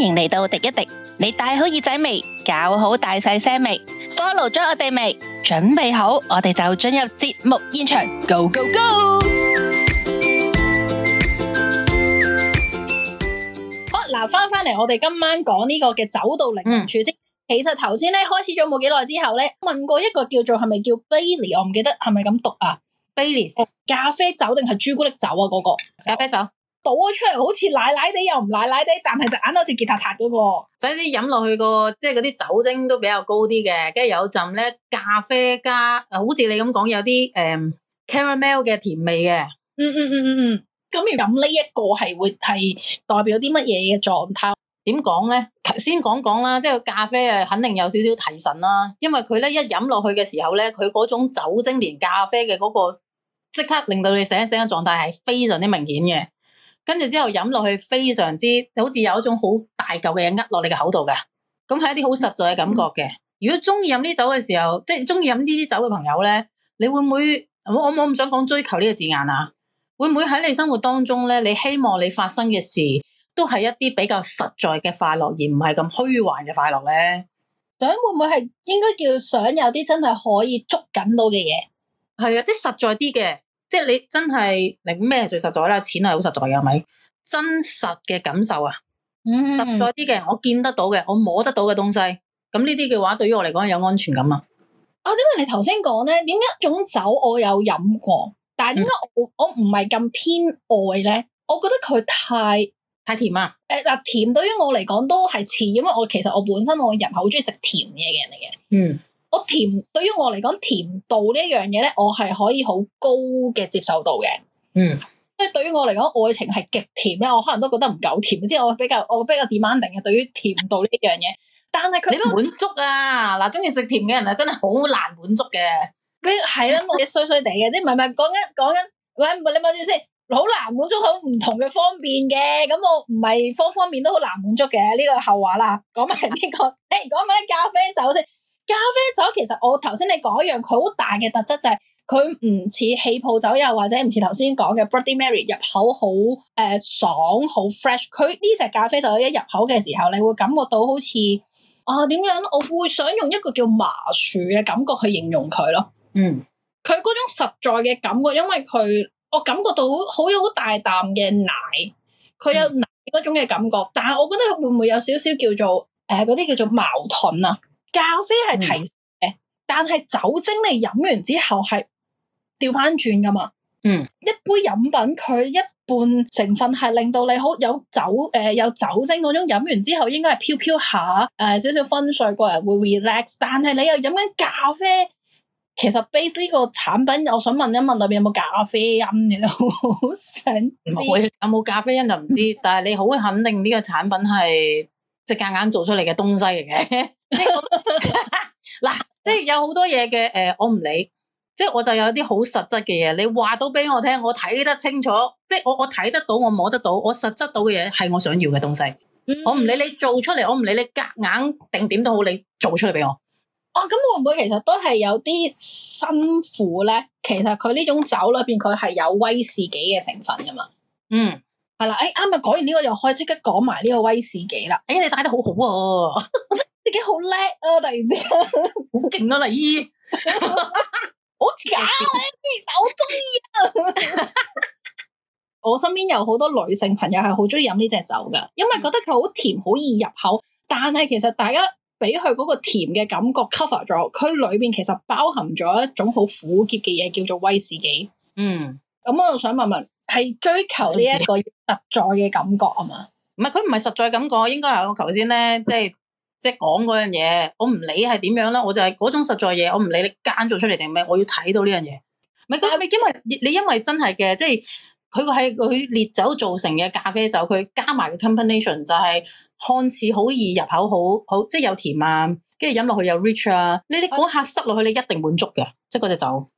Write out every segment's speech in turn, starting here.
歡迎嚟到迪一迪，你戴好耳仔未？搞好大細聲未？Follow 咗我哋未？準備好，我哋就進入節目現場。Go go go！、嗯、好嗱，翻翻嚟，我哋今晚講呢個嘅酒到靈魂處先。嗯、其實頭先咧開始咗冇幾耐之後咧，問過一個叫做係咪叫 Bailey 我唔記得係咪咁讀啊 Bailey 咖啡酒定係朱古力酒啊？嗰、那個咖啡酒。倒咗出嚟好似奶奶地又唔奶奶地，但係就眼好似結塔塔嗰個。仔啲飲落去個即係嗰啲酒精都比較高啲嘅，跟住有陣咧咖啡加，好似你咁講有啲誒、嗯、caramel 嘅甜味嘅。嗯嗯嗯嗯嗯。咁飲呢一個係會係代表啲乜嘢嘅狀態？點講咧？先講講啦，即係咖啡誒，肯定有少少提神啦、啊，因為佢咧一飲落去嘅時候咧，佢嗰種酒精連咖啡嘅嗰、那個即刻令到你醒一醒嘅狀態係非常之明顯嘅。跟住之後飲落去，非常之就好似有一種好大嚿嘅嘢呃落你嘅口度嘅，咁係一啲好實在嘅感覺嘅。如果中意飲呢酒嘅時候，即係中意飲呢啲酒嘅朋友咧，你會唔會，我我唔想講追求呢個字眼啊？會唔會喺你生活當中咧，你希望你發生嘅事都係一啲比較實在嘅快樂，而唔係咁虛幻嘅快樂咧？想會唔會係應該叫想有啲真係可以捉緊到嘅嘢？係啊，即係實在啲嘅。即係你真係你咩最實在啦？錢係好實在嘅，係咪？真實嘅感受啊，嗯、實在啲嘅，我見得到嘅，我摸得到嘅東西。咁呢啲嘅話，對於我嚟講有安全感啊。啊，點解你頭先講咧，點解一種酒我有飲過，但係點解我、嗯、我唔係咁偏愛咧？我覺得佢太太甜啊。誒，嗱，甜對於我嚟講都係甜，因為我其實我本身我人係好中意食甜嘢嘅人嚟嘅。嗯。我甜，對於我嚟講甜度呢樣嘢咧，我係可以好高嘅接受度嘅。嗯，所以對於我嚟講，愛情係極甜咧，我可能都覺得唔夠甜。即係我比較，我比較 demanding 嘅對於甜度呢樣嘢。但係佢，你都滿足啊！嗱，中意食甜嘅人啊，真係好難滿足嘅、 啊。你係啦，嘅衰衰哋嘅，即係唔係唔係講緊講緊，喂，唔係你望住先，好難滿足，好唔同嘅方便嘅。咁我唔係方方面面都好難滿足嘅。呢、這個後話啦，講埋呢個，誒、這個，講埋啲咖啡酒先。咖啡酒其實我頭先你講一樣，佢好大嘅特質就係佢唔似氣泡酒又或者唔似頭先講嘅 Bloody Mary 入口好誒、呃、爽好 fresh，佢呢隻咖啡酒就一入口嘅時候，你會感覺到好似啊，點樣我會想用一個叫麻薯嘅感覺去形容佢咯。嗯，佢嗰種實在嘅感覺，因為佢我感覺到好有好大啖嘅奶，佢有奶嗰種嘅感覺，嗯、但係我覺得會唔會有少少叫做誒嗰啲叫做矛盾啊？咖啡係提嘅，嗯、但係酒精你飲完之後係調返轉㗎嘛？嗯，一杯飲品佢一半成分係令到你好有酒誒、呃，有酒精嗰種飲完之後應該係飄飄下誒、呃，少少分碎個人會 relax。但係你又飲緊咖啡，其實 base 呢個產品，我想問一問，裏邊有冇咖啡因嘅咧？好想知有冇咖啡因就唔知， 但係你好肯定呢個產品係。夾硬，硬做出嚟嘅東西嚟嘅， 嗱、呃，即係有好多嘢嘅，誒，我唔理，即係我就有啲好實質嘅嘢，你話到俾我聽，我睇得清楚，即係我我睇得到，我摸得到，我實質到嘅嘢係我想要嘅東西，嗯、我唔理你做出嚟，我唔理你夾硬定點都好，你做出嚟俾我。哦，咁會唔會其實都係有啲辛苦咧？其實佢呢種酒裏邊佢係有威士忌嘅成分㗎嘛？嗯。係啦，誒，啱咪講完呢、這個又可以即刻講埋呢個威士忌啦。誒、欸，你帶得好好、啊， 自己好叻啊！突然之間， 好勁啊！黎姨！好假啊！黎，但係我好中意啊。我身邊有好多女性朋友係好中意飲呢隻酒噶，因為覺得佢好甜好易入口，但係其實大家俾佢嗰個甜嘅感覺 cover 咗，佢裏邊其實包含咗一種好苦澀嘅嘢，叫做威士忌。嗯，咁我就想問問。係追求呢一個實在嘅感覺啊嘛，唔係佢唔係實在感覺，應該係我頭先咧，即係即係講嗰樣嘢，我唔理係點樣啦，我就係嗰種實在嘢，我唔理你間做出嚟定咩，我要睇到呢樣嘢。唔係是，佢係咪因為你因為真係嘅，即係佢個係佢烈酒造成嘅咖啡酒，佢加埋個 combination 就係、是、看似好易入口，好好即係有甜啊，跟住飲落去又 rich 啊，呢啲嗰下塞落去你一定滿足嘅，即係嗰隻酒。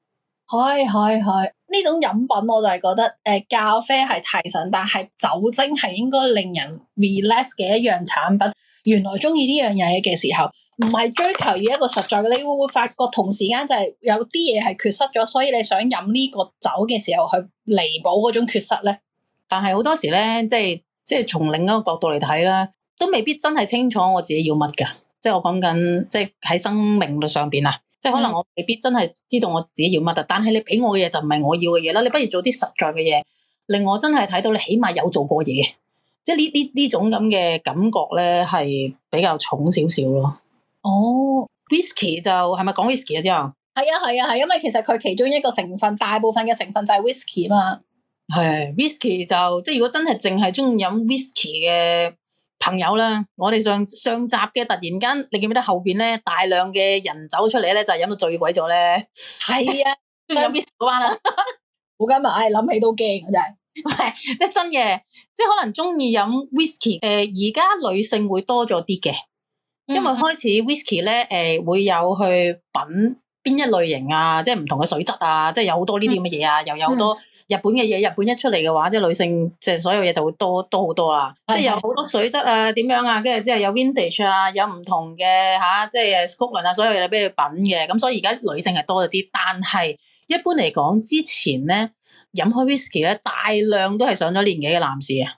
系系系，呢、哎哎、種飲品我就係覺得，誒、呃，咖啡係提神，但係酒精係應該令人 relax 嘅一樣產品。原來中意呢樣嘢嘅時候，唔係追求要一個實在嘅，你會唔會發覺同時間就係有啲嘢係缺失咗，所以你想飲呢個酒嘅時候去彌補嗰種缺失咧。但係好多時咧，即係即係從另一個角度嚟睇啦，都未必真係清楚我自己要乜噶。即、就、係、是、我講緊，即係喺生命度上邊啊。嗯、即係可能我未必真係知道我自己要乜嘅，但係你俾我嘅嘢就唔係我要嘅嘢啦。你不如做啲實在嘅嘢，令我真係睇到你起碼有做過嘢。即係呢呢呢種咁嘅感覺咧，係比較重少少咯。哦，whisky 就係咪講 whisky 啊？之後係啊係啊係，因為其實佢其中一個成分，大部分嘅成分就係 whisky 啊嘛。係 whisky、啊、就即係如果真係淨係中意飲 whisky 嘅。朋友啦，我哋上上集嘅突然間，你記唔記得後邊咧大量嘅人走出嚟咧，就係飲到醉鬼咗咧。係 啊，中意飲威士忌班啦，啊，好緊要，唉，諗起都驚真係，唔即係真嘅，即係可能中意飲 whisky，呃。誒，而家女性會多咗啲嘅，因為開始 whisky 咧誒，呃、會有去品邊一類型啊，即係唔同嘅水質啊，即係有好多呢啲咁嘅嘢啊，嗯、又有好多。嗯日本嘅嘢，日本一出嚟嘅話，即係女性即係所有嘢就會多多好多啦，的即係有好多水質啊，點樣啊，跟住之後有 vintage 啊，有唔同嘅吓、啊，即係高領啊，所有嘢俾佢品嘅，咁、嗯、所以而家女性係多咗啲，但係一般嚟講之前咧飲開 whisky 咧，大量都係上咗年紀嘅男士啊，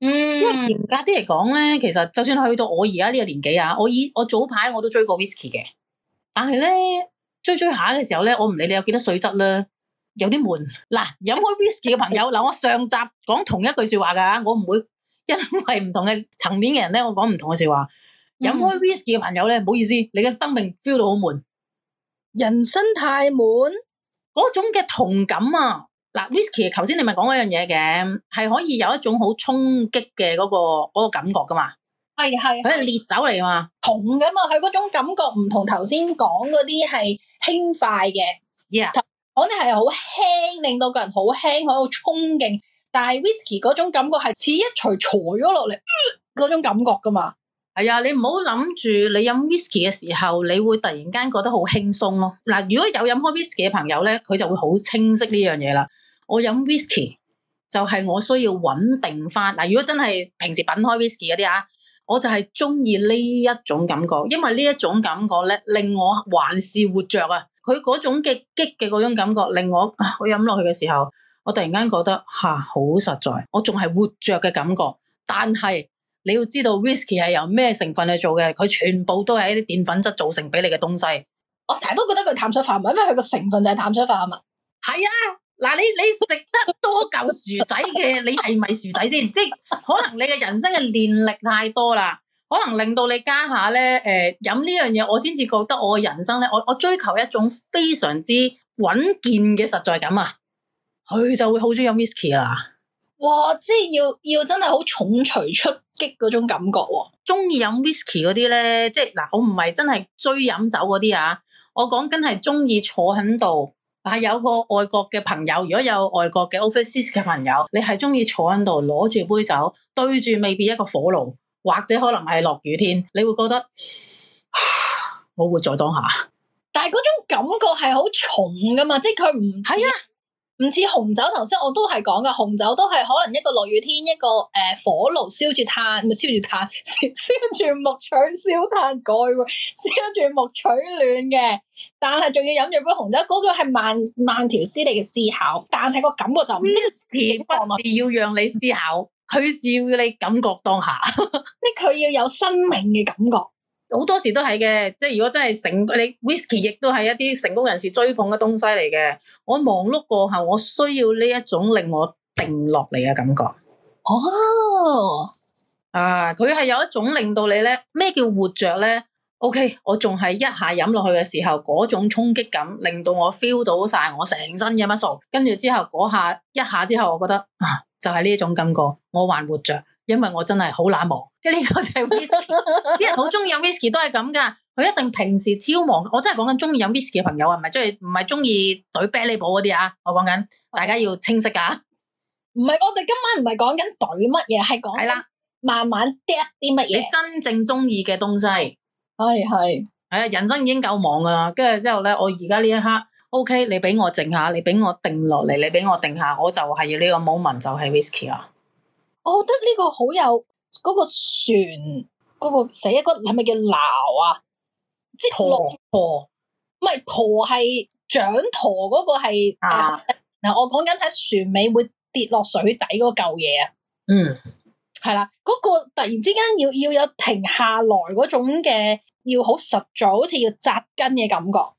嗯，因為嚴格啲嚟講咧，其實就算去到我而家呢個年紀啊，我已我早排我都追過 whisky 嘅，但係咧追追下嘅時候咧，我唔理你有幾多水質啦。有啲悶嗱，飲開威士 y 嘅朋友嗱， 我上集講同一句說話噶，我唔會因為唔同嘅層面嘅人咧，我講唔同嘅說話。飲、嗯、開威士 y 嘅朋友咧，唔好意思，你嘅生命 feel 到好悶，人生太悶，嗰種嘅同感啊。嗱，w h i 威士 y 頭先你咪講嗰樣嘢嘅，係可以有一種好衝擊嘅嗰個、那個感覺噶嘛。係係，佢係烈酒嚟嘛，同噶嘛，佢嗰種感覺唔同頭先講嗰啲係輕快嘅。Yeah. 我哋係好輕，令到個人好輕，好有衝勁。但係 whisky 嗰種感覺係似一錘錘咗落嚟嗰種感覺噶嘛？係啊、哎，你唔好諗住你飲 whisky 嘅時候，你會突然間覺得好輕鬆咯、啊。嗱，如果有飲開 whisky 嘅朋友咧，佢就會好清晰呢樣嘢啦。我飲 whisky 就係我需要穩定翻。嗱，如果真係平時品開 whisky 嗰啲啊，我就係中意呢一種感覺，因為呢一種感覺咧，令我還是活着啊。佢嗰種嘅激嘅嗰種感覺令我，我飲落去嘅時候，我突然間覺得吓，好實在，我仲係活着嘅感覺。但係你要知道，Whisky 係由咩成分嚟做嘅？佢全部都係一啲澱粉質造成俾你嘅東西。我成日都覺得佢碳水化合物，因為佢個成分就係碳水化合物。係啊，嗱你你食得多嚿薯仔嘅， 你係咪薯仔先？即可能你嘅人生嘅練歷太多啦。可能令到你家下咧，誒、呃，飲呢樣嘢，我先至覺得我人生咧，我我追求一種非常之穩健嘅實在感啊，佢就會好中意飲 whisky 啦。哇，即係要要真係好重錘出擊嗰種感覺，啊，中意飲 whisky 嗰啲咧，即係嗱，我唔係真係追飲酒嗰啲啊，我講緊係中意坐喺度。但係有個外國嘅朋友，如果有外國嘅 office 嘅朋友，你係中意坐喺度，攞住杯酒，對住未必一個火爐。或者可能係落雨天，你會覺得我活在當下，但係嗰種感覺係好重㗎嘛？即係佢唔係啊，唔似呀紅酒。頭先我都係講㗎，紅酒都係可能一個落雨天，一個誒、呃、火爐燒住炭，咪燒住炭，燒住木取燒炭蓋，燒住木取暖嘅。但係仲要飲住杯紅酒，嗰、那個係慢慢條斯理嘅思考，但係個感覺就唔知點，時不時要讓你思考。佢照你感覺當下，即係佢要有生命嘅感覺。好多時都係嘅，即係如果真係成你 whisky 亦都係一啲成功人士追捧嘅東西嚟嘅。我忙碌過後，我需要呢一種令我定落嚟嘅感覺。哦，啊，佢係有一種令到你咧咩叫活着咧？OK，我仲係一下飲落去嘅時候，嗰種衝擊感令到我 feel 到晒我成身嘅乜數，跟住之後嗰下一下之後，我覺得。啊就係呢一種感覺，我還活着，因為我真係好冷漠。跟住呢個就係 s k y 啲人好中意 Visky 都係咁噶。佢一定平時超忙，我真係講緊中意 Visky 嘅朋友啊，唔係中意唔係中意懟啤 a l 嗰啲啊。我講緊大家要清晰噶。唔係，我哋今晚唔係講緊懟乜嘢，係講係啦，慢慢嗒啲乜嘢。你真正中意嘅東西，係係係啊！人生已經夠忙噶啦，跟住之後咧，我而家呢一刻。O、okay, K，你俾我，我定下，你俾我定落嚟，你俾我定下，我就係呢個 n t 就係威士 y 啊！我覺得呢個好有嗰個船嗰個死一個係咪叫撈啊？即係陀陀，唔係陀係掌陀嗰個係嗱，我講緊喺船尾會跌落水底嗰嚿嘢啊！嗯，係啦，嗰、那個突然之間要要有停下來嗰種嘅，要好實在，好似要扎根嘅感覺。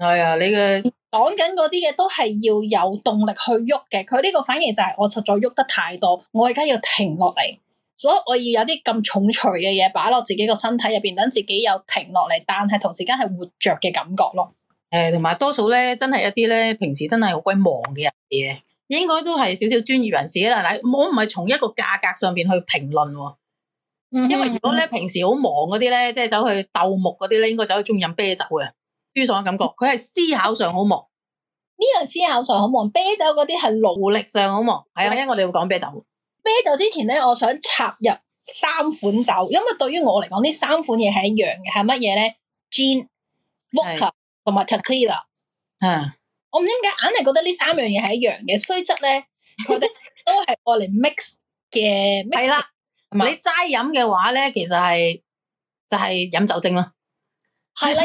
係啊、哎，你嘅講緊嗰啲嘢都係要有動力去喐嘅。佢呢個反而就係我實在喐得太多，我而家要停落嚟，所以我要有啲咁重錘嘅嘢擺落自己個身體入邊，等自己有停落嚟，但係同時間係活着嘅感覺咯。誒、哎，同埋多數咧，真係一啲咧，平時真係好鬼忙嘅人咧，應該都係少少專業人士啦。嗱，我唔係從一個價格上邊去評論，因為如果咧平時好忙嗰啲咧，即係走去鬥木嗰啲咧，應該走去中意飲啤酒嘅。舒服嘅感覺，佢係思考上好忙。呢個思考上好忙，啤酒嗰啲係勞力上好忙。係啊，因為我哋會講啤酒。啤酒之前咧，我想插入三款酒，因為對於我嚟講，呢三款嘢係一樣嘅。係乜嘢咧？Gin、Vodka 同埋 Tequila。嗯。啊、我唔知點解，硬係覺得呢三樣嘢係一樣嘅。雖則咧，覺得都係愛嚟 mix 嘅。係啦， 吧你齋飲嘅話咧，其實係就係、是、飲酒精啦。係啦。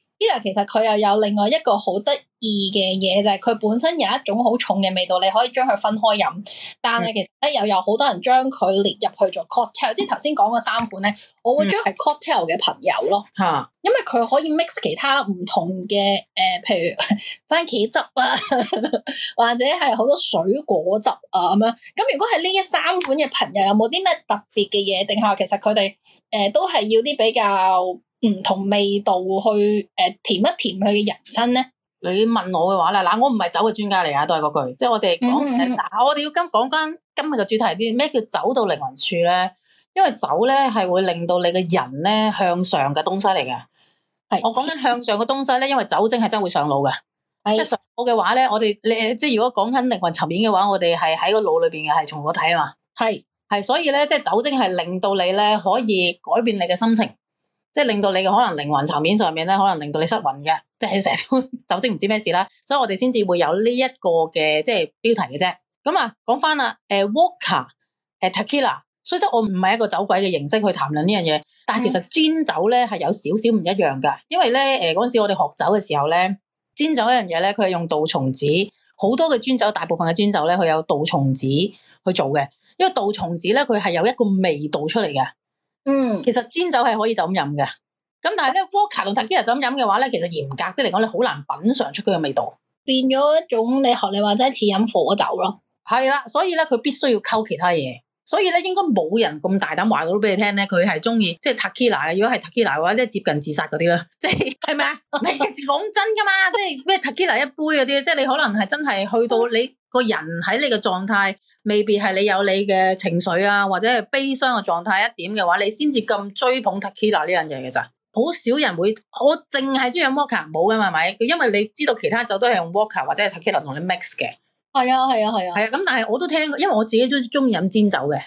呢度其實佢又有另外一個好得意嘅嘢，就係、是、佢本身有一種好重嘅味道，你可以將佢分開飲。但係其實咧，又有好多人將佢列入去做 cocktail，即係頭先講嘅三款咧，我會將係 cocktail 嘅朋友咯。吓、嗯，因為佢可以 mix 其他唔同嘅誒、呃，譬如番 茄汁啊， 或者係好多水果汁啊咁樣。咁如果係呢一三款嘅朋友，有冇啲咩特別嘅嘢？定下？其實佢哋誒都係要啲比較？唔同味道去誒，甜一甜佢嘅人生咧。你問我嘅話咧，嗱，我唔係酒嘅專家嚟啊，都係嗰句，即係我哋講緊、嗯嗯嗯、我哋要講講今講緊今日嘅主題啲咩叫酒到靈魂處咧？因為酒咧係會令到你嘅人咧向上嘅東西嚟㗎。是我講緊向上嘅東西咧，因為酒精係真會上腦嘅，是即係上腦嘅話咧，我哋你即係如果講緊靈魂層面嘅話，我哋係喺個腦裏邊嘅，係從我睇啊嘛。係係是，所以咧，即係酒精係令到你咧可以改變你嘅心情。即係令到你嘅可能靈魂層面上面咧，可能令到你失魂嘅，即係成日都呵呵酒精唔知咩事啦。所以，我哋先至會有呢一個嘅即係標題嘅啫。咁啊，講翻啊，誒、呃、Walker，誒 Tequila，所以即係我唔係一個酒鬼嘅形式去談論呢樣嘢。但係其實氈酒咧係有少少唔一樣噶，因為咧誒嗰陣時我哋學酒嘅時候咧，氈酒一樣嘢咧，佢係用杜松子，好多嘅氈酒，大部分嘅氈酒咧，佢有杜松子去做嘅，因為杜松子咧，佢係有一個味道出嚟嘅。嗯，其實氈酒係可以就咁飲嘅，咁但係咧，Vodka 同 Tequila 就咁飲嘅話咧，其實嚴格啲嚟講，你好難品嘗出佢嘅味道，變咗一種你學你話齋似飲火酒咯，係啦， 所以咧，佢必須要溝其他嘢。所以咧，應該冇人咁大膽話到俾你聽咧，佢係中意即係 Tequila。如果係 Tequila 嘅話，即係接近自殺嗰啲啦，即係係咪啊？唔係講真噶嘛，即係咩 Tequila 一杯嗰啲，即係你可能係真係去到你個人喺你嘅狀態，未必係你有你嘅情緒啊，或者係悲傷嘅狀態一點嘅話，你先至咁追捧 Tequila 呢樣嘢嘅咋？好少人會，我淨係中意飲 Vodka，冇嘅，係咪？因為你知道其他酒都係用 Vodka，或者係 Tequila 同你 mix 嘅。係啊，係啊，係啊，係啊！咁但係我都聽過，因為我自己都中意飲氈酒嘅，咁、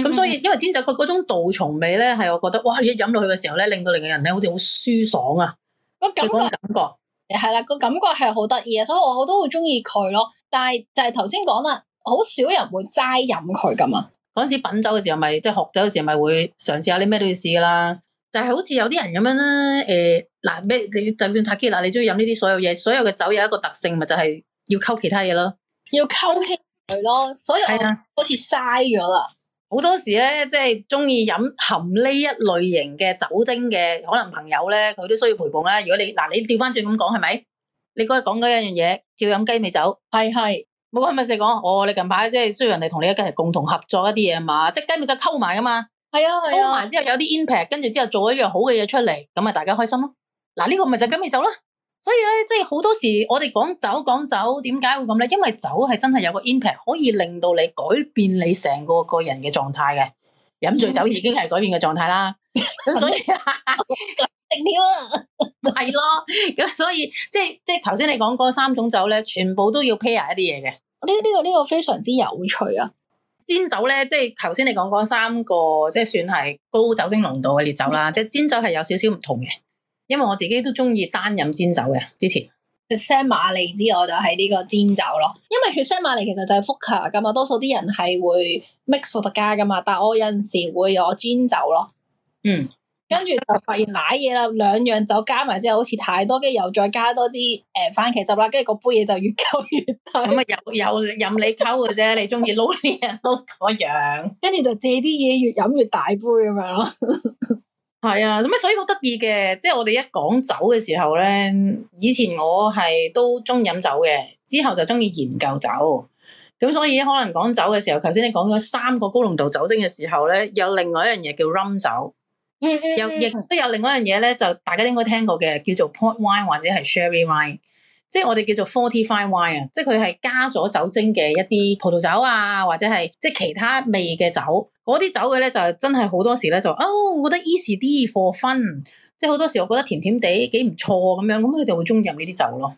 嗯、哼所以因為氈酒佢嗰種杜松味咧，係我覺得哇，一飲落去嘅時候咧，令到另個人咧，好似好舒爽啊！個感覺係啦，個感覺係好得意啊，所以我我都好中意佢咯。但係就係頭先講啦，好少人會齋飲佢噶嘛。嗰陣時品酒嘅時候，咪即係學酒嘅時候，咪、就是、會嘗試下你咩都要試噶啦。就係好似有啲人咁樣啦。誒嗱咩？你就算 Tequila，你中意飲呢啲所有嘢。所有嘅酒有一個特性，咪就係要溝其他嘢咯。要溝通佢咯，所以我好似嘥咗啦。好、啊、多時咧，即係中意飲含呢一類型嘅酒精嘅，可能朋友咧，佢都需要陪伴啦。如果你嗱，你調翻轉咁講係咪？你嗰日講嗰一樣嘢叫飲雞尾酒，係係是，冇啊咪成日講，哦，你近排即係需要人哋同你一齊共同合作一啲嘢嘛，即係雞尾酒溝埋噶嘛，係啊，溝埋、啊、之後有啲 impact 跟住之後做一樣好嘅嘢出嚟，咁咪大家開心咯。嗱呢個咪就係雞尾酒啦。這個所以咧，即係好多時，我哋講酒講酒，點解會咁咧？因為酒係真係有個 impact，可以令到你改變你成個個人嘅狀態嘅。飲醉酒已經係改變嘅狀態啦。咁所以，定食料係咯。咁所以，即係即係頭先你講嗰三種酒咧，全部都要 pair 一啲嘢嘅。呢呢個呢個非常之有趣啊！清酒咧，即係頭先你講嗰三個，即係算係高酒精濃度嘅烈酒啦。嗯、即係清酒係有少少唔同嘅。因為我自己都中意單飲煎酒嘅，之前血腥瑪麗之後就係呢個煎酒咯。因為血腥瑪麗其實就係福卡噶嘛，多數啲人係會 mix 伏特加噶嘛，但我有陣時會攞煎酒咯。嗯，跟住就發現奶嘢啦，兩樣酒加埋之後好似太多嘅，又再加多啲誒、呃、番茄汁啦，跟住個杯嘢就越溝越多，嗯。咁啊有有飲你溝嘅啫， 你中意撈啲嘢都嗰樣，跟住就借啲嘢越飲越大杯咁樣咯。 係啊，咁啊，所以好得意嘅，即係我哋一講酒嘅時候咧，以前我係都中意飲酒嘅，之後就中意研究酒，咁所以可能講酒嘅時候，頭先你講咗三個高濃度酒精嘅時候咧，有另外一樣嘢叫 rum 酒，嗯嗯，又亦都有另外一樣嘢咧，就大家應該聽過嘅叫做 port wine 或者係 sherry wine，即係我哋叫做 fortified wine 啊，即係佢係加咗酒精嘅一啲葡萄酒啊，或者係即係其他味嘅酒。嗰啲酒嘅咧就係真係好多時咧就哦，我覺得 easy 啲 for fun，即係好多時我覺得甜甜地幾唔錯咁樣，咁佢就會中意飲呢啲酒咯。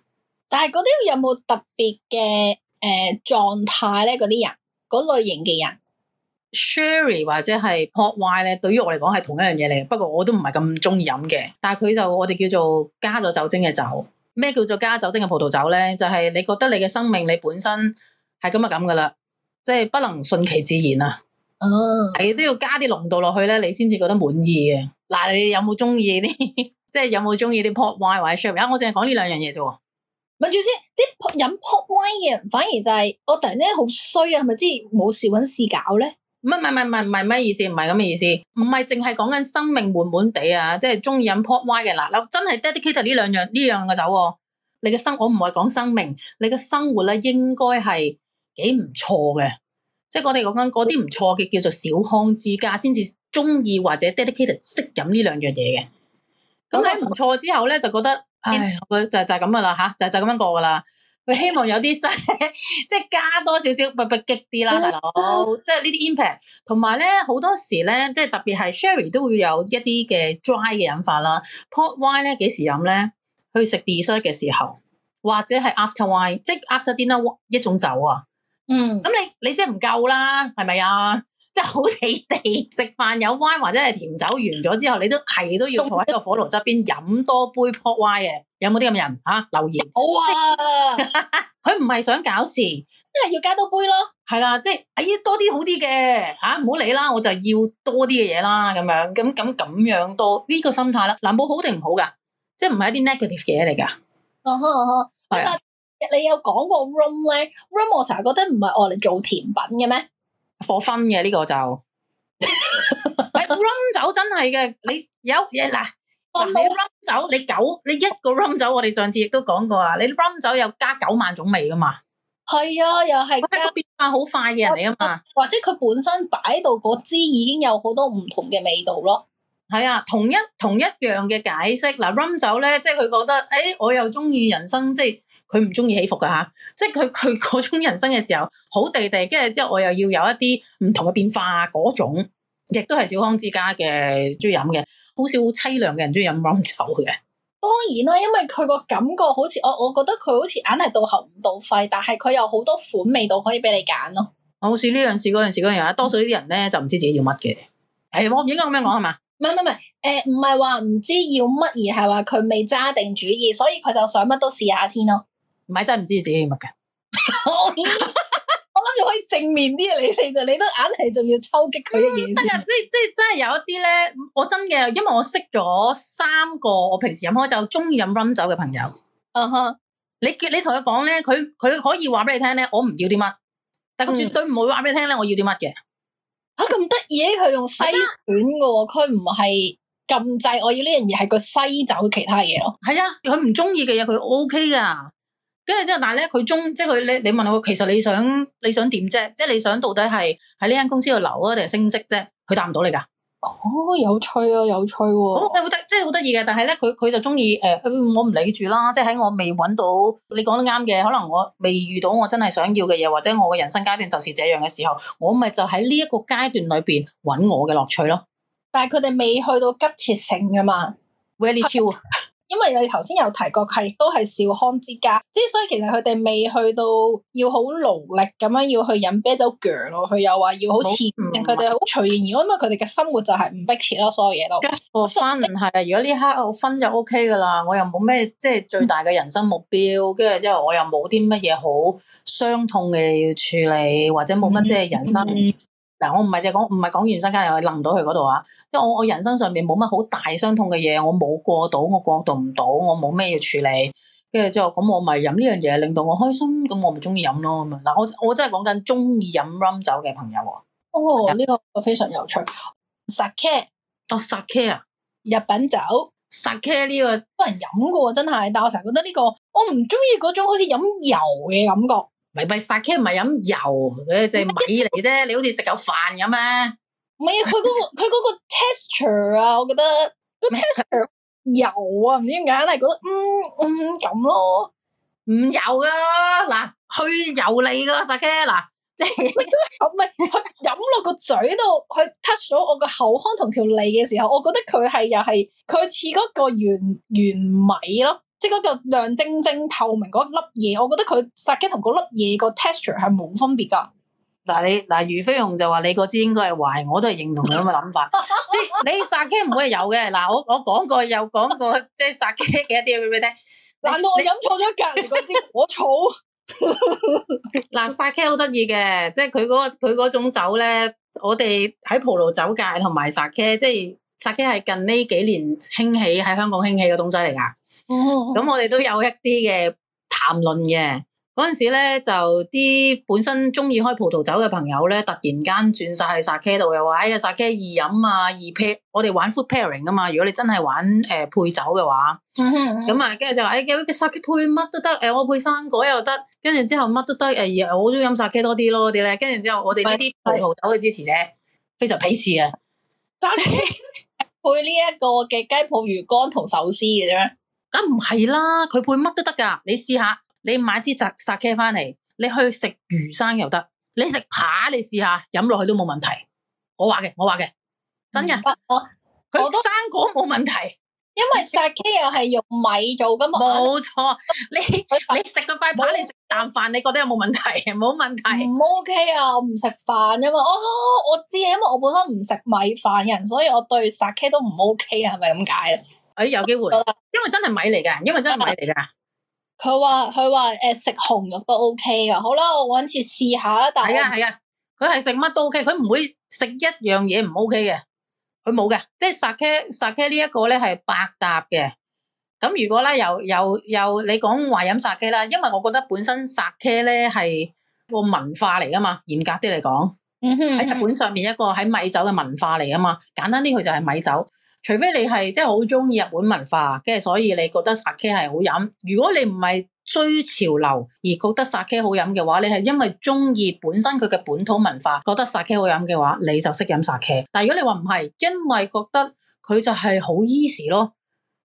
但係嗰啲有冇特別嘅誒狀態咧？嗰啲人，嗰類型嘅人，sherry 或者係 Port 咧，對於我嚟講係同一樣嘢嚟。不過我都唔係咁中意飲嘅。但係佢就我哋叫做加咗酒精嘅酒。咩叫做加酒精嘅葡萄酒咧？就係你覺得你嘅生命你本身係咁啊咁噶啦，即係不能順其自然啊！哦，你、oh. 都要加啲濃度落去咧，你先至覺得滿意嘅。嗱，你有冇中意啲即係有冇中意啲 Port wine 或者 Sherry？我淨係講呢兩樣嘢啫。咪住先，即係飲 Port wine 嘅，反而就係、是、我突然間好衰啊，係咪即係冇事揾事搞咧？唔係唔係唔係唔係咩意思？唔係咁嘅意思，唔係淨係講緊生命悶悶地啊！即係中意飲 Port wine 嘅，嗱，真係 dedicated 呢兩樣呢兩樣嘅酒，你嘅生我唔係講生命，你嘅生活咧應該係幾唔錯嘅。即係我哋講緊嗰啲唔錯嘅，叫做小康之家先至中意或者 dedicated 識飲呢兩樣嘢嘅，咁喺唔錯之後咧就覺得， 唉，佢就就係咁噶啦嚇，就就咁樣過噶啦。佢希望有啲 即係加多少少，不不激啲啦大佬，即係呢啲 impact。同埋咧好多時咧，即係特別係 Sherry 都會有一啲嘅 dry 嘅飲法啦。Port wine 咧幾時飲咧？去食 dessert 嘅時候，或者係 after wine，即係 after dinner 一種酒啊。嗯，咁你你即係唔夠啦，係咪啊？即係好地地食飯有 wine，或者係甜酒完咗之後，你都係都要坐喺個火爐側邊飲多杯 Port wine 嘅。有冇啲咁嘅人啊？留言好啊！佢唔係想搞事，即係要加多杯咯。係啦，即係哎呀多啲好啲嘅吓，唔好理啦，我就要多啲嘅嘢啦。咁樣咁咁咁樣多呢個心態啦，難保好定唔好噶，即係唔係一啲 negative 嘢嚟噶。哦呵呵，哦哦你有講過 rum 咧？rum 我成日覺得唔係愛嚟做甜品嘅咩？火熏嘅呢個就 ，rum 酒真係嘅。你有嘢嗱，yeah, 啊啊、你 rum 酒，你九，你一個 rum 酒，我哋上次亦都講過啊。你 rum 酒有加九萬種味㗎嘛？係啊，又係變化好快嘅人嚟啊嘛，啊。或者佢本身擺到嗰支已經有好多唔同嘅味道咯。係啊，同一同一樣嘅解釋嗱，rum 酒咧，即係佢覺得誒、哎，我又中意人生即係。佢唔中意起伏噶吓，即係佢佢嗰種人生嘅時候好地地，跟住之後我又要有一啲唔同嘅變化嗰種，亦都係小康之家嘅中意飲嘅，好少好淒涼嘅人中意飲紅酒嘅。當然啦，因為佢個感覺好似我，我覺得佢好似硬係到喉唔到肺，但係佢有好多款味道可以俾你揀咯。好似呢樣事嗰樣事嗰樣嘢，多數呢啲人咧就唔知自己要乜嘅。係、嗯、欸、我唔應該咁樣講係嘛？唔係唔係，誒唔係話唔知要乜，而係話佢未揸定主意，所以佢就想乜都試下先咯。唔係真唔知自己乜嘅， 我諗住可以正面啲，你你就你都硬係仲要抽擊佢一件。得、嗯、啊，即係即係真係有啲咧，我真嘅，因為我識咗三個我平時飲開酒、中意飲 r 酒嘅朋友。你你同佢講咧，佢佢可以話俾你聽咧，我唔要啲乜，但佢絕對唔會話俾你聽咧，我要啲乜嘅。吓，咁得意，佢、啊、用篩選嘅喎，佢唔係禁制。我要呢樣嘢係個篩走，其他嘢咯。係啊，佢唔中意嘅嘢，佢 O K 噶。跟住之後，但係咧，佢中即係佢你你問我，其實你想你想點啫？即係你想到底係喺呢間公司度留啊，定係升職啫？佢答唔到你噶。哦，有趣啊，有趣喎、啊。好得、哦，即係好得意嘅。但係咧，佢佢就中意誒，我唔理住啦。即係喺我未揾到，你講得啱嘅，可能我未遇到我真係想要嘅嘢，或者我嘅人生階段就是這樣嘅時候，我咪就喺呢一個階段裏邊揾我嘅樂趣咯。但係佢哋未去到急切性㗎嘛 w h 因為你頭先有提過，係都係小康之家，之所以其實佢哋未去到要好勞力咁樣要去飲啤酒鋸咯，佢又話要好似，佢哋好隨然如果因為佢哋嘅生活就係唔逼切咯，所有嘢都，我分係，如果呢刻我分就 OK 噶啦，我又冇咩即係最大嘅人生目標，跟住之後我又冇啲乜嘢好傷痛嘅要處理，或者冇乜即係人生。嗯嗯嗯嗯我唔係淨係講，唔係講完生間又去冧到佢嗰度啊！即係我我人生上面冇乜好大傷痛嘅嘢，我冇過，我過到，我過度唔到，我冇咩要處理。跟住之後，咁我咪飲呢樣嘢令到我開心，咁我咪中意飲咯咁啊！嗱，我我真係講緊中意飲 rum 酒嘅朋友啊！哦，呢個非常有趣，sake 哦 sake 啊，sake 日品酒 sake 呢個多人飲嘅喎，真係。但我成日覺得呢個我唔中意嗰種好似飲油嘅感覺。咪咪 Sake 咪飲油，即、就、只、是、米嚟啫。 你好似食有飯咁咩？唔係啊，佢嗰個佢嗰個 texture 啊，我覺得、那個 texture 油啊，唔知點解都係覺得嗯嗯咁、嗯、咯，唔油噶嗱、啊，去油膩噶 Sake 嗱，即係唔係佢飲落個嘴度，佢 touch 咗我個口腔同條脷嘅時候，我覺得佢係又係佢似嗰個原原米咯。 即係嗰個亮晶晶透明嗰粒嘢，我覺得佢殺茄同嗰粒嘢個 texture 係冇分別噶。嗱，你嗱余飛鴻就話你嗰支應該係壞，我都係認同佢咁嘅諗法。即 你殺茄唔會係有嘅。嗱 我我講過又講過即係殺茄嘅一啲俾你聽。 難道我飲錯咗隔籬嗰支果草？嗱，殺茄好得意嘅，即係佢嗰個佢嗰種酒咧，我哋喺葡萄酒界同埋殺茄，即係殺茄係近呢幾年興起喺香港興起嘅東西嚟噶。咁、mm hmm。我哋都有一啲嘅談論嘅嗰陣時咧，就啲本身中意開葡萄酒嘅朋友咧，突然間轉晒去 Sake 度，又話哎呀 Sake 易飲啊，易 pair，我哋玩 food pairing 噶嘛，如果你真係玩誒、呃、配酒嘅話，咁啊跟住就話哎呀 Sake 配乜都得，誒、哎、我配生果又得，跟住之後乜都得，誒、哎、我中意飲 Sake 多啲咯啲咧，跟住之後我哋呢啲葡萄酒嘅支持者非常鄙視啊，但係 配呢一個嘅雞泡魚乾同壽司嘅啫。梗唔係啦，佢配乜都得㗎。你試下，你買支薩薩 K 返嚟，你去食魚生又得，你食扒，你試下，飲落去都冇問題。我話嘅，我話嘅，真嘅、嗯啊。我佢生它 都果冇問題，因為薩 K 又係用米做㗎嘛。冇 錯，你你食到塊扒，我你食啖飯，你覺得有冇問題？冇問題。唔 OK 啊，我唔食飯嘅嘛。哦，我知，因為我本身唔食米飯嘅人，所以我對薩 K 都唔 OK 啊。係咪咁解？誒、哎，有機會，因為真係米嚟嘅，因為真係米嚟噶。佢話佢話誒食紅肉都 OK 噶，好啦，我搵次試下啦。係啊係啊，佢係食乜都 OK，佢唔會食一樣嘢唔 OK 嘅，佢冇嘅。即係 SakeSake 呢一個咧係百搭嘅。咁如果咧又又又你講話飲 Sake 啦，因為我覺得本身 Sake 咧係個文化嚟噶嘛，嚴格啲嚟講，喺 日本上面一個喺米酒嘅文化嚟啊嘛，簡單啲佢就係米酒。除非你係即係好中意日本文化，跟住所以你覺得 Sake 係好飲。如果你唔係追潮流而覺得 Sake 好飲嘅話，你係因為中意本身佢嘅本土文化，覺得 Sake 好飲嘅話，你就識飲 Sake。但係如果你話唔係，因為覺得佢就係好 easy 咯，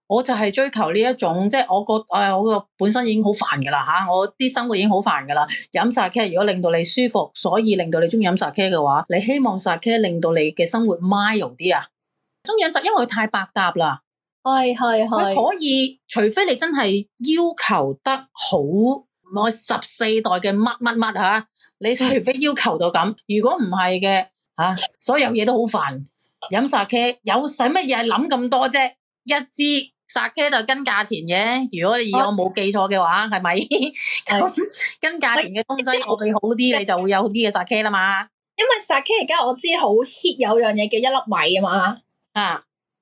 我就係追求呢一種即係我覺，哎我個本身已經好煩噶啦吓，我啲生活已經好煩噶啦，飲 Sake 如果令到你舒服，所以令到你中意飲 Sake 嘅話，你希望 Sake 令到你嘅生活 mild 啲啊？中飲十，因為太百搭啦，係係係，哎哎、可以，除非你真係要求得好，我十四代嘅乜乜乜吓，你除非要求到咁，如果唔係嘅吓，所有嘢都好煩，飲 Sake 有使乜嘢諗咁多啫？一支 Sake 就跟價錢嘅，如果你以我冇記錯嘅話，係咪、哎？咁不 跟價錢嘅東西，我哋好啲，你，你就會有啲嘅 Sake 啦嘛。因為 Sake 而家我知好 hit，有樣嘢叫一粒米啊嘛。啊，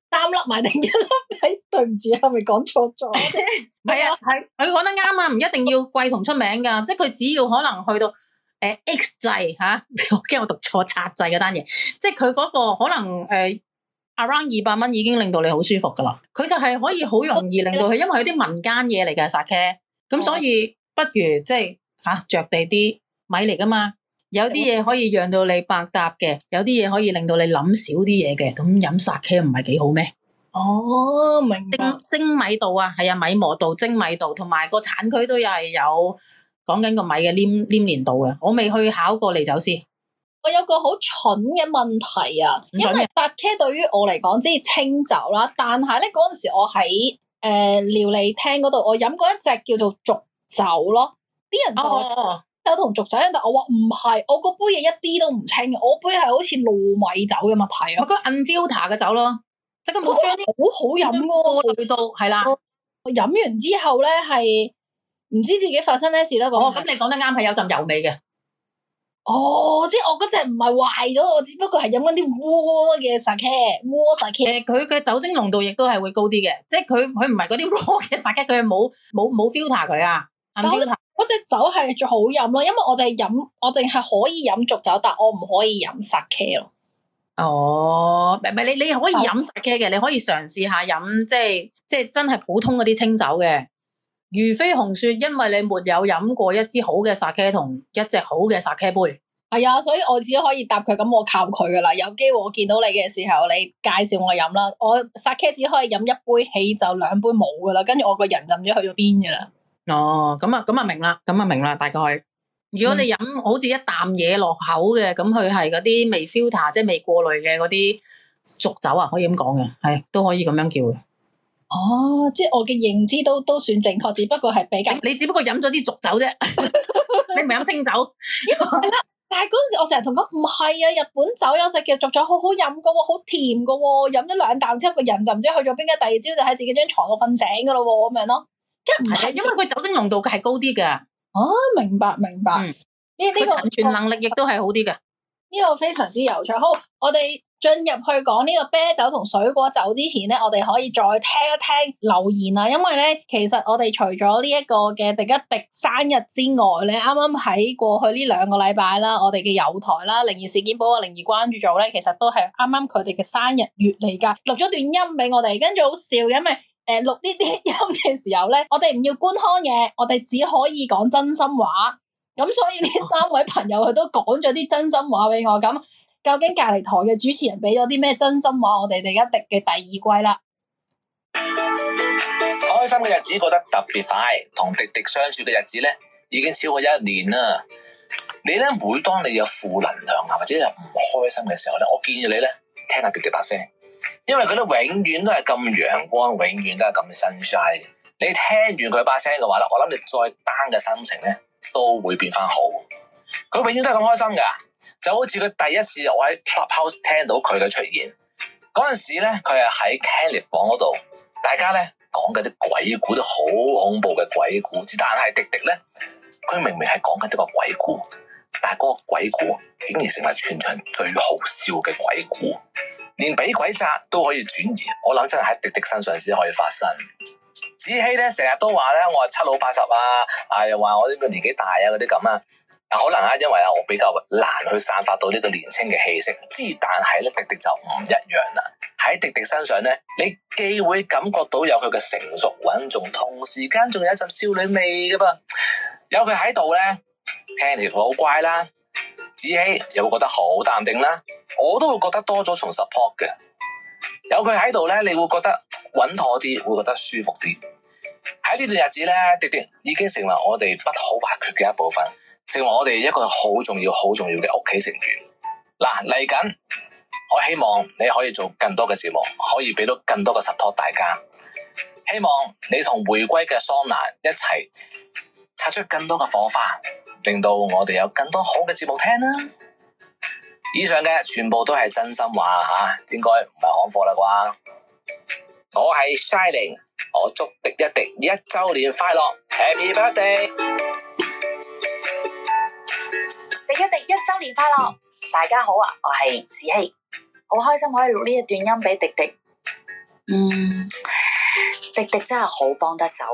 三粒埋定一粒米， 對唔住 啊，係咪講錯咗啫？係啊，係佢講得啱啊，唔一定要貴同出名噶，即係佢只要可能去到誒、呃、X 制吓、啊，我驚我讀錯拆制嗰單嘢，即係佢嗰個可能誒、呃、around 二百蚊已經令到你好舒服噶啦，佢就係可以好容易令到佢，因為佢啲民間嘢嚟噶，沙茄咁，所以不如即係吓、啊、着地啲米嚟噶嘛。有啲嘢可以讓到你百搭嘅，有啲嘢可以令到你諗少啲嘢嘅。咁飲 sake 唔係幾好咩？哦，明白。精、精米度啊，係啊，米磨度、精米度，同埋個產區都係有講緊個米嘅黏黏黏度嘅。我未去考過唎酒師。我有個好蠢嘅問題啊，因為 sake 對於我嚟講，即係清酒啦。但係咧嗰陣時我喺誒、呃、料理廳嗰度，我飲過一隻叫做濁酒咯。啲人就酒同濁酒，但我話唔係，我個杯嘢一啲都唔清嘅，我杯係好似糯米酒嘅問題咯。我覺得 unfilter 嘅酒咯，即係咁好、啊，將啲好好飲嘅去到係啦。飲完之後咧係唔知自己發生咩事咧？哦，咁你講得啱，係有浸油味嘅。哦，即係我嗰隻唔係壞咗，我只不過係飲緊啲 raw 嘅 sake，raw sake。佢嘅酒精濃度亦都係會高啲嘅，即係佢佢唔係嗰啲 raw 嘅 sake，佢係冇冇冇 filter 佢啊。我嗰隻酒係最好飲咯，因為我淨飲，我淨係可以飲濁酒，但我唔可以飲 sake 咯。哦，唔係唔係，你你可以飲 sake 嘅，你可以嘗試、哦、下飲，即係即係真係普通嗰啲清酒嘅。如飛紅雪，因為你沒有飲過一支好嘅 sake 同一隻好嘅 sake 杯，係啊、哎，所以我只可以答佢咁，我靠佢噶啦。有機會我見到你嘅時候，你介紹我飲啦。我 sake 只可以飲一杯起，就兩杯冇噶啦，跟住我個人就唔知去咗邊噶啦。哦，咁啊，咁啊，明啦，咁啊，明啦，大概。如果你飲好似一啖嘢落口嘅，咁佢係嗰啲未 filter，即係未過濾嘅嗰啲濁酒啊，可以咁講嘅，係都可以咁樣叫。哦，即係我嘅認知都都算正確，只不過係比較你，你只不過飲咗支濁酒啫， 你唔係飲清酒。 但係嗰陣時我成日同佢講唔係啊，日本酒有食嘅濁酒，好好飲噶，好甜噶、哦，飲咗兩啖之後，個人就唔知去咗邊啦，第二朝就喺自己張床度瞓醒噶啦，咁樣咯。係啊，因為佢酒精濃度係高啲嘅。哦，明白明白。呢呢、嗯這個存能力亦都係好啲嘅。呢個非常之有趣。好，我哋進入去講呢個啤酒同水果酒之前咧，我哋可以再聽一聽留言啦。因為咧，其實我哋除咗呢一個嘅迪加迪生日之外咧，啱啱喺過去呢兩個禮拜啦，我哋嘅友台啦靈異事件簿、啊靈異關注組咧，其實都係啱啱佢哋嘅生日月嚟噶，錄咗段音俾我哋，跟住好笑嘅咪。因為誒，錄呢啲音嘅時候咧，我哋唔要官腔嘢，我哋只可以講真心話。咁所以呢三位朋友佢都講咗啲真心話俾我。咁究竟隔籬台嘅主持人俾咗啲咩真心話？我哋哋一滴嘅第二季啦。開心嘅日子過得特別快，同滴滴相處嘅日子咧，已經超過一年啦。你咧每當你有負能量啊，或者有唔開心嘅時候咧，我建議你咧聽下滴滴把聲。因為佢都永遠都係咁陽光，永遠都係咁 sunshine。你聽完佢把聲嘅話咧，我諗你再 down 嘅心情咧都會變翻好。佢永遠都係咁開心噶，就好似佢第一次我喺 clubhouse 聽到佢嘅出現嗰陣時咧，佢係喺 candy 房嗰度，大家咧講嘅啲鬼故都好恐怖嘅鬼故，之但係迪迪咧，佢明明係講緊一個鬼故，但係嗰個鬼故竟然成為全場最好笑嘅鬼故。連俾鬼扎都可以轉移，我諗真係喺迪迪身上先可以發生。子希咧成日都話咧，我話七老八十啊，又、哎、話我呢個年紀大啊，嗰啲咁啊。但可能啊，因為啊，我比較難去散發到呢個年輕嘅氣息。之但係咧，迪迪就唔一樣啦。喺迪迪身上咧，你既會感覺到有佢嘅成熟穩重，同時間仲有一陣少女味噶噃。有佢喺度咧，聽條好乖啦。子希又會覺得好淡定啦，我都會覺得多咗重 support 嘅，有佢喺度咧，你會覺得穩妥啲，會覺得舒服啲。喺呢段日子咧，滴滴已經成為我哋不可或缺嘅一部分，成為我哋一個好重要、好重要嘅屋企成員。嗱，嚟緊我希望你可以做更多嘅節目，可以俾到更多嘅 support 大家。希望你同回歸嘅桑拿一齊擦出更多嘅火花，令到我哋有更多好嘅節目聽啦！以上嘅全部都係真心話啊，應該唔係行貨啦啩？我係 Shining，我祝迪一迪一周年快樂，Happy Birthday！迪一迪一周年快樂！嗯、大家好啊，我係子希，好開心可以錄呢一段音俾迪迪。嗯，迪迪真係好幫得手。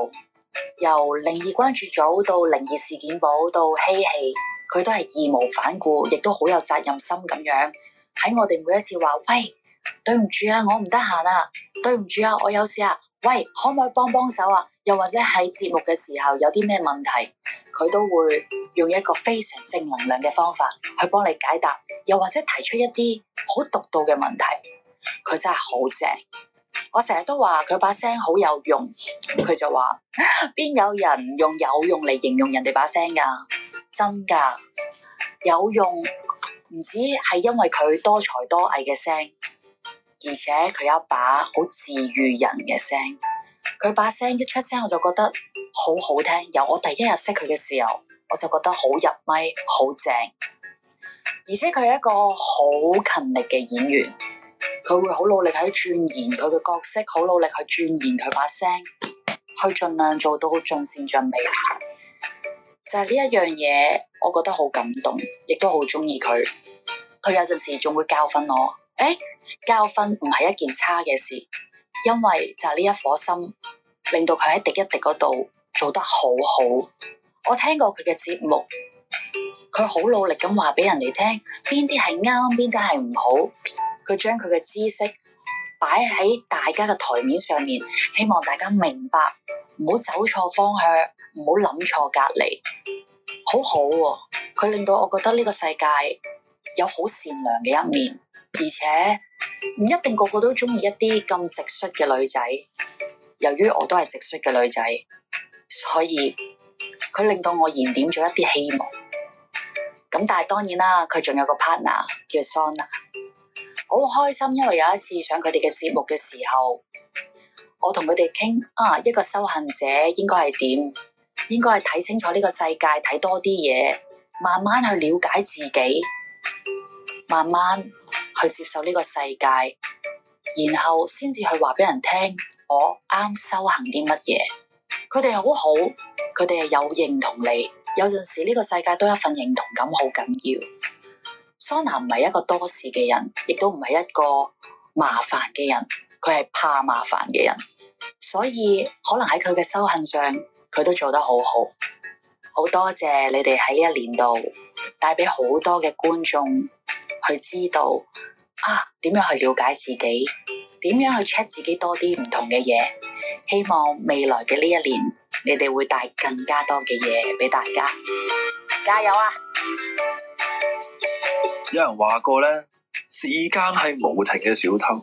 由靈異關注組到靈異事件簿到嬉戲，佢都係義無反顧，亦都好有責任心咁樣喺我哋每一次話喂，對唔住啊，我唔得閒啊，對唔住啊，我有事啊，喂，可唔可以幫幫手啊？又或者喺節目嘅時候有啲咩問題，佢都會用一個非常正能量嘅方法去幫你解答，又或者提出一啲好獨到嘅問題，佢真係好正。我成日都話佢把聲好有用，佢就話邊 有人用有用嚟形容人哋把聲㗎？真㗎，有用唔止係因為佢多才多藝嘅聲，而且佢有一把好治愈人嘅聲。佢把聲一出聲，我就覺得好好聽。由我第一日識佢嘅時候，我就覺得好入咪，好正。而且佢係一個好勤力嘅演員。佢會好努力喺鑽研佢嘅角色，好努力去鑽研佢把聲，去盡量做到盡善盡美。就係、是、呢一樣嘢，我覺得好感動，亦都好中意佢。佢有陣時仲會教訓我，誒、欸，教訓唔係一件差嘅事，因為就係呢一顆心，令到佢喺滴一滴嗰度做得好好。我聽過佢嘅節目，佢好努力咁話俾人哋聽，邊啲係啱，邊啲係唔好。佢將佢嘅知識擺喺大家嘅台面上面，希望大家明白，唔好走錯方向，唔好諗錯隔離，好好喎、哦。佢令到我覺得呢個世界有好善良嘅一面，而且唔一定個個都中意一啲咁直率嘅女仔。由於我都係直率嘅女仔，所以佢令到我燃點咗一啲希望。咁但係當然啦，佢仲有個 partner 叫 Sona。好開心，因為有一次上佢哋嘅節目嘅時候，我同佢哋傾啊，一個修行者應該係點？應該係睇清楚呢個世界，睇多啲嘢，慢慢去了解自己，慢慢去接受呢個世界，然後先至去話俾人聽我啱、哦、修行啲乜嘢。佢哋好好，佢哋係有認同你。有陣時呢個世界都有一份認同感好緊要。桑拿唔係一個多事嘅人，亦都唔係一個麻煩嘅人，佢係怕麻煩嘅人，所以可能喺佢嘅修行上，佢都做得好好。好多謝你哋喺呢一年度帶俾好多嘅觀眾去知道啊，點樣去了解自己，點樣去 check 自己多啲唔同嘅嘢。希望未來嘅呢一年，你哋會帶更加多嘅嘢俾大家，加油啊！有人話過咧，時間係無情嘅小偷。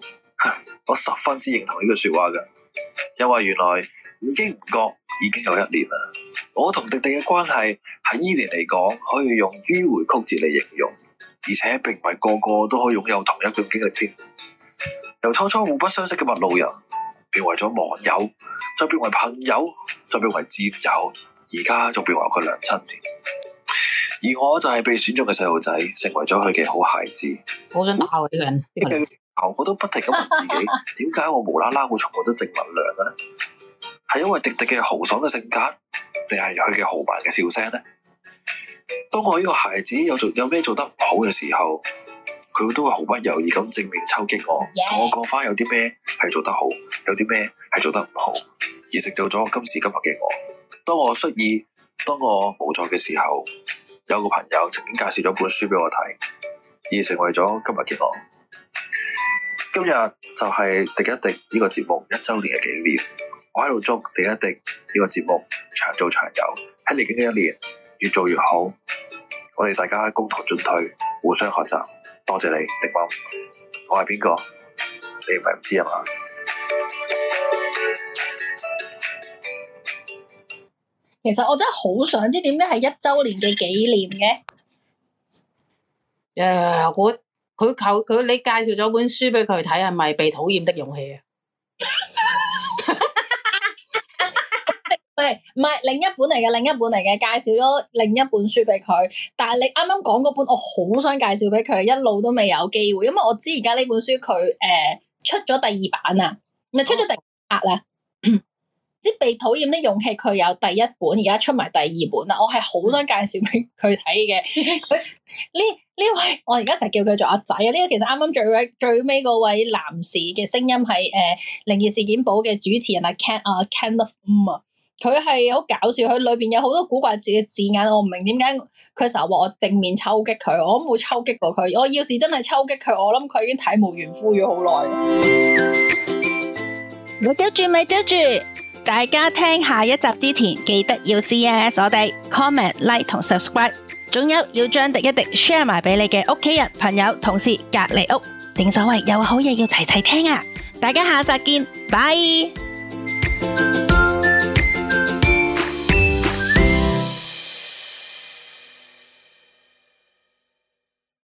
我十分之認同呢句說話噶，因為原來唔經唔覺已經有一年啦。我同迪迪嘅關係喺依年嚟講，可以用迂回曲折嚟形容，而且並唔係個個都可以擁有同一段經歷添。由初初互不相識嘅陌路人，變為咗網友，再變為朋友，再變為摯友，而家仲變為個兩親添。而我就係被選中嘅細路仔，成為咗佢嘅好孩子。我想打我啲人。佢， 我都不停咁問自己，點解 我無啦啦會獲得正能量嘅咧？係因為迪迪嘅豪爽嘅性格，定係佢嘅豪邁嘅笑聲咧？當我呢個孩子有做有咩做得唔好嘅時候，佢都會毫不猶豫咁正面衝擊我，同 Yeah. 我講翻有啲咩係做得好，有啲咩係做得唔好，而食到咗今時今日嘅我。當我失意，當我無助嘅時候。有個朋友曾經介紹咗本書俾我睇，而成為咗今日嘅我。今日就係、是、滴一滴呢、這個節目一周年嘅紀念，我喺度祝滴一滴呢、這個節目長做長有。喺嚟緊嘅一年，越做越好，我哋大家共同進退，互相學習。多謝你，迪邦。我係邊個？你唔係唔知啊嘛？其實我真係好想知點解係一周年嘅紀念嘅。誒，yeah, 我佢求佢你介紹咗本書俾佢睇，係咪被討厭的勇氣啊？唔係唔係，另一本嚟嘅，另一本嚟嘅，介紹咗另一本書俾佢。但係你啱啱講嗰本，我好想介紹俾佢，一路都未有機會，因為我知而家呢本書佢誒、呃、出咗第二版啊，唔係、oh. 出咗第二版啦。 即被討厭的勇氣，佢有第一本，而家出埋第二本啦。我係好想介紹俾佢睇嘅。呢呢位我而家成日叫佢做阿仔啊。呢、這個其實啱啱最最尾嗰位男士嘅聲音係誒、呃《靈異事件簿》嘅主持人阿 Ken 啊，Kenneth 啊，佢係好搞笑，佢裏邊有好多古怪字嘅字眼，我唔明點解佢成日話我正面抽擊佢，我都冇抽擊過佢。我要是真係抽擊佢，我諗佢已經體無完膚咗好耐。冇兜住咪兜住！大家聽下一集之前，記得要 CNS 我哋 comment like 同 subscribe，仲有要將滴一滴 share 埋俾你嘅屋企人、朋友、同事、隔籬屋。正所謂有好嘢要齊齊聽啊！大家下集見，拜。